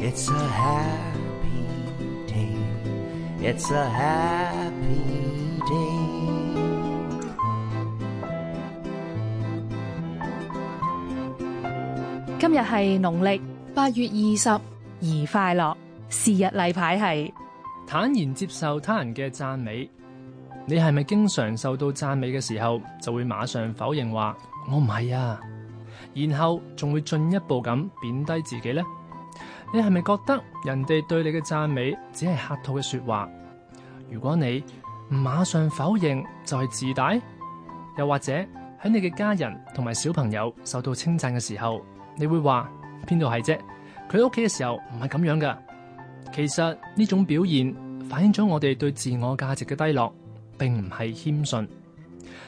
It's a happy day. It's a happy day. 今日係農曆八月二十，而快樂日禮是日例牌係坦然接受他人嘅讚美。你係咪經常受到讚美嘅時候，就會馬上否認話我唔係啊？然後仲會進一步咁貶低自己呢？你係咪覺得人哋對你嘅讚美只係客套嘅說話？如果你唔馬上否認，就係自大。又或者喺你嘅家人同埋小朋友受到稱讚嘅時候，你會話邊度係啫？佢屋企嘅時候唔係咁樣噶。其實呢種表現反映咗我哋對自我價值嘅低落，並唔係謙遜。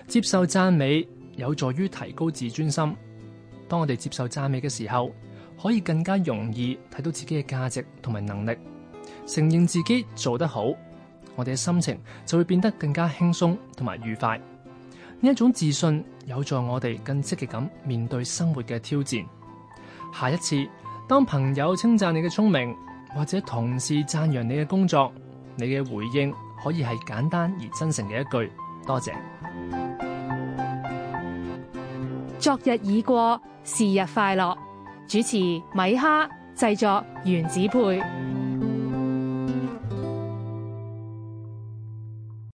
接受讚美有助於提高自尊心。當我哋接受讚美嘅時候。可以更加容易睇到自己嘅價值同埋能力，承認自己做得好，我哋嘅心情就會變得更加輕鬆同埋愉快。呢一種自信有助我哋更積極咁面對生活嘅挑戰。下一次，當朋友稱讚你嘅聰明，或者同事讚揚你嘅工作，你嘅回應可以係簡單而真誠嘅一句多謝。昨日已過，是日快樂。主持米哈，製作原子配。